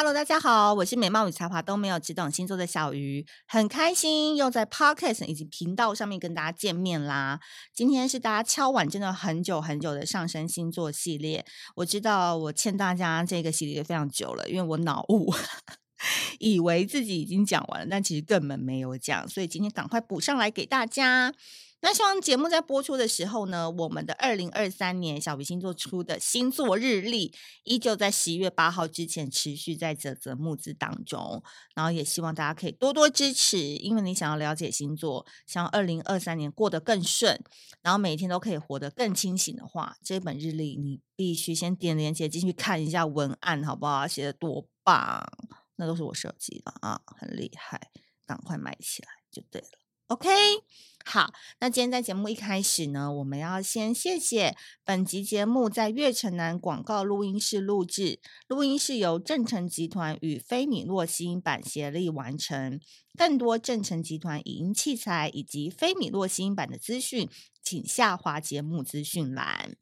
Hello，大家好，我是美貌與才華都沒有、只懂星座的小魚，很開心又在 Podcast 以及頻道上面跟大家見面啦。今天是大家敲碗真的很久很久的上升星座系列，我知道我欠大家這個系列非常久了，因為我腦霧呵呵，以為自己已經講完了，但其實根本沒有講，所以今天趕快補上來給大家。那希望節目在播出的時候呢，我們的二零二三年小聊星座出的星座日曆依舊在十一月八號之前持續在嘖嘖募資當中。然後也希望大家可以多多支持，因為你想要了解星座，想要二零二三年過得更順，然後每天都可以活得更清醒的話，這本日曆你必須先點連結進去看一下文案，好不好？寫得多棒，那都是我設計的啊，很厲害，趕快買起來就對了。OK，好，那今天在節目一開始呢，我們要先謝謝本集節目在月城南廣告錄音室錄製，錄音室由正誠集團與飛米洛新音版協力完成。更多正誠集團影音器材以及飛米洛新音版的資訊，請下滑節目資訊欄。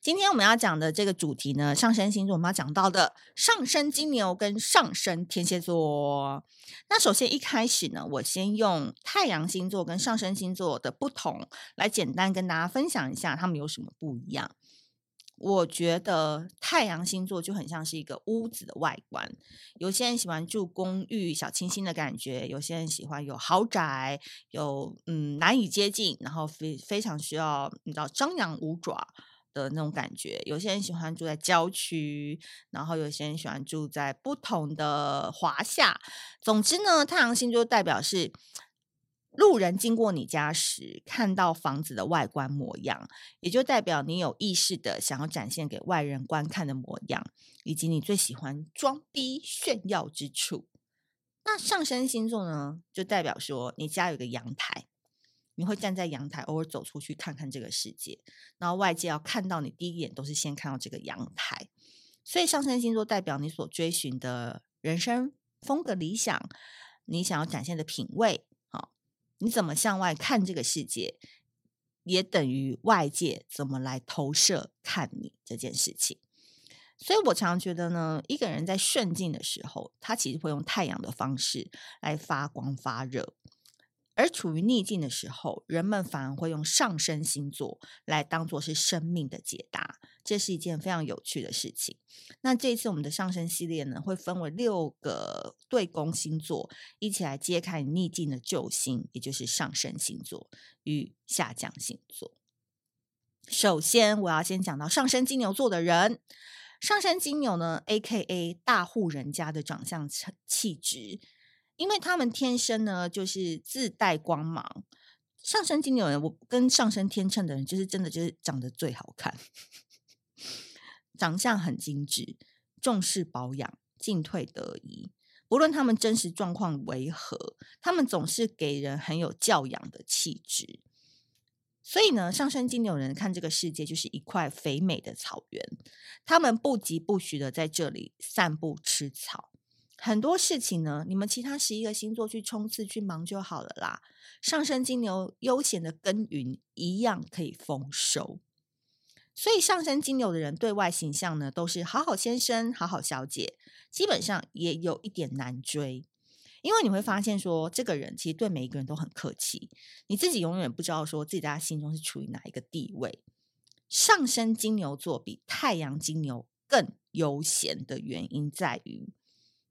今天我們要講的這個主題呢，上升星座我們要講到的上升金牛跟上升天蠍座。那首先一開始呢，我先用太陽星座跟上升星座的不同來簡單跟大家分享一下它們有什麼不一樣。我覺得太陽星座就很像是一個屋子的外觀，有些人喜歡住公寓，小清新的感覺；有些人喜歡有豪宅，有嗯難以接近，然後非非常需要你知道張牙舞爪。的那種感覺，有些人喜歡住在郊區，然後有些人喜歡住在不同的華廈。總之呢，太陽星座代表是路人經過你家時看到房子的外觀模樣，也就代表你有意識的想要展現給外人觀看的模樣，以及你最喜歡裝逼炫耀之處。那上升星座呢，就代表說你家有個陽台。你會站在陽台，偶爾走出去看看這個世界。然後外界要看到你，第一眼都是先看到這個陽台。所以上升星座代表你所追尋的人生風格、理想，你想要展現的品味，好、哦，你怎麼向外看這個世界，也等於外界怎麼來投射看你這件事情。所以我常常覺得呢，一個人在順境的時候，他其實會用太陽的方式來發光發熱。而處於逆境的時候，人們反而會用上升星座來當做是生命的解答，這是一件非常有趣的事情。那這次我們的上升系列呢，會分為六個對宮星座，一起來揭開逆境的救星，也就是上升星座與下降星座。首先，我要先講到上升金牛座的人，上升金牛呢，AKA 大戶人家的長相氣質。因為他們天生呢，就是自帶光芒。上升金牛人，我跟上升天秤的人，就是真的就是長得最好看， 長相很精致，重視保養，進退得宜。不論他們真實狀況為何，他們總是給人很有教養的氣質。所以呢，上升金牛人看這個世界就是一塊肥美的草原，他們不疾不徐的在這裡散步吃草。很多事情呢，你們其他十一個星座去衝刺去忙就好了啦。上升金牛悠閒的耕耘一樣可以豐收，所以上升金牛的人對外形象呢，都是好好先生、好好小姐，基本上也有一點難追，因為你會發現說，這個人其實對每一個人都很客氣，你自己永遠不知道說自己在他心中是處於哪一個地位。上升金牛座比太陽金牛更悠閒的原因在於。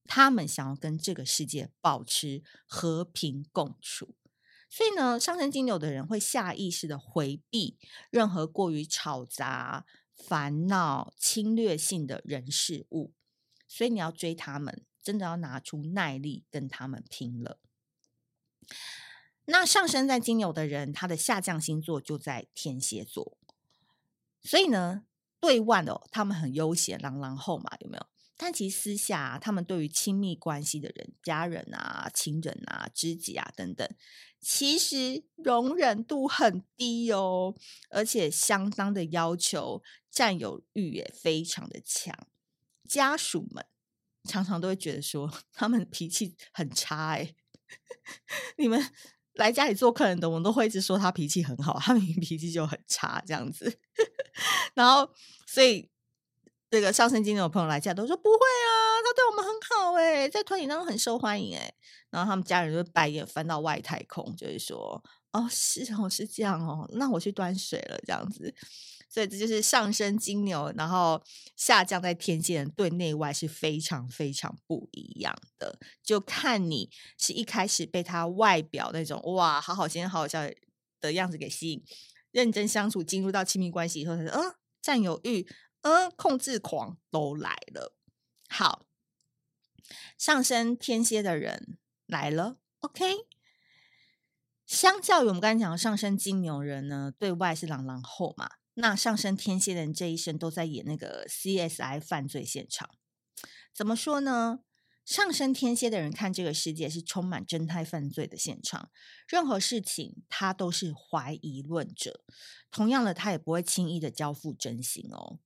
他們想要跟這個世界保持和平共處，所以呢，上升金牛的人會下意識的迴避任何過於吵雜、煩惱、侵略性的人事物。所以你要追他們，真的要拿出耐力跟他們拼了。那上升在金牛的人，他的下降星座就在天蠍座，所以呢，對外的、哦、他們很悠閒、懶懶後嘛，有沒有？但其實私下，他們對於親密關係的人、家人啊、情人啊、知己啊等等，其實容忍度很低哦，而且相當的要求，佔有慾也非常的強。家屬們常常都會覺得說，他們脾氣很差。哎， 你們來家裡做客人的，我們都會一直說他脾氣很好，他們脾氣就很差這樣子。 然後，所以。這個上升金牛的朋友來家都說不會啊，他對我們很好誒，在團體當中很受歡迎誒，然後他們家人就白眼翻到外太空，就是說：“哦，是哦，是這樣哦，那我去端水了。”這樣子，所以這就是上升金牛，然後下降在天蠍，人對內外是非常非常不一樣的，就看你是一開始被他外表那種哇，好好先生、好好笑的樣子給吸引，認真相處進入到親密關係以後，他說嗯，佔有欲。嗯，控制狂都來了。好，上升天蠍的人來了。OK，相較於我們剛才講的上升金牛人呢，對外是朗朗後嘛，那上升天蠍的人這一生都在演那個 CSI 犯罪現場。怎麼說呢？上升天蠍的人看這個世界是充滿偵探犯罪的現場，任何事情他都是懷疑論者，同樣的，他也不會輕易的交付真心哦。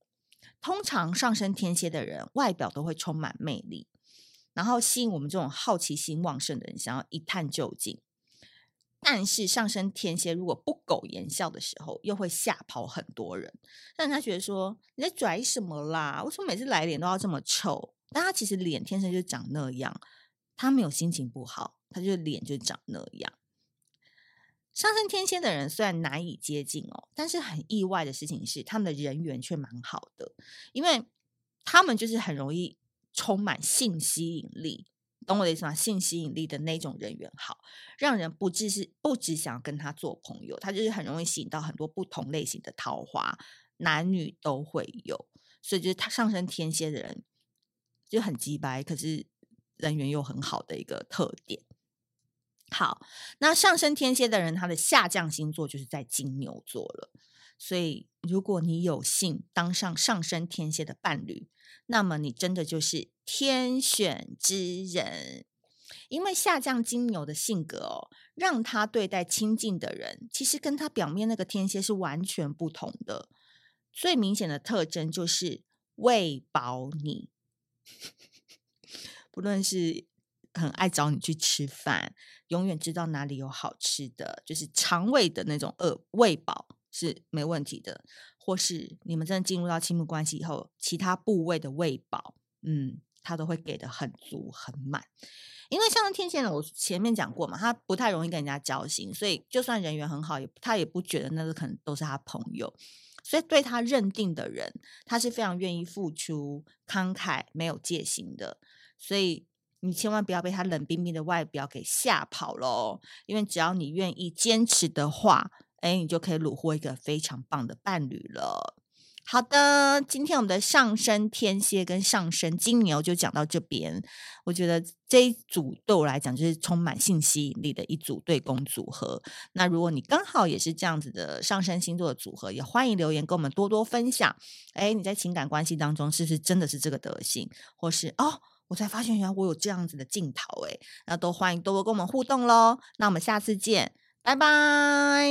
通常上升天蠍的人外表都會充滿魅力，然後吸引我們這種好奇心旺盛的人想要一探究竟。但是上升天蠍如果不苟言笑的時候，又會嚇跑很多人，讓人家覺得說你在拽什麼啦？我為什麼每次來臉都要這麼臭？但他其實臉天生就長那樣，他沒有心情不好，他就臉就長那樣。上升天蠍的人雖然難以接近哦，但是很意外的事情是，他們的人緣卻蠻好的，因為他們就是很容易充滿性吸引力，懂我的意思嗎？性吸引力的那種人緣好，讓人不只是不只想要跟他做朋友，他就是很容易吸引到很多不同類型的桃花，男女都會有，所以就是他上升天蠍的人就很直白，可是人緣又很好的一個特點。好，那上升天蠍的人，他的下降星座就是在金牛座了。所以，如果你有幸當上上升天蠍的伴侶，那麼你真的就是天選之人。因為下降金牛的性格哦，讓他對待親近的人，其實跟他表面那個天蠍是完全不同的。最明顯的特徵就是餵飽你， 不論是。很愛找你去吃飯，永遠知道哪裡有好吃的，就是腸胃的那種餓餵飽是沒問題的。或是你們真的進入到親密關係以後，其他部位的餵飽，嗯，他都會給得很足很滿。因為像天蠍呢，我前面講過嘛，他不太容易跟人家交心，所以就算人緣很好，也他也不覺得那個可能都是他朋友，所以對他認定的人，他是非常願意付出、慷慨、沒有戒心的，所以。你千萬不要被他冷冰冰的外表給嚇跑嘍！因為只要你願意堅持的話，哎，你就可以虜獲一個非常棒的伴侶了。好的，今天我們的上升天蠍跟上升金牛就講到這邊。我覺得這一組對我來講就是充滿性吸引力的一組對宮組合。那如果你剛好也是這樣子的上升星座的組合，也歡迎留言跟我們多多分享。哎，你在情感關係當中是不是真的是這個德行？或是哦？我才發現，原來我有這樣子的鏡頭誒！那都歡迎多多跟我們互動嘍。那我們下次見，拜拜。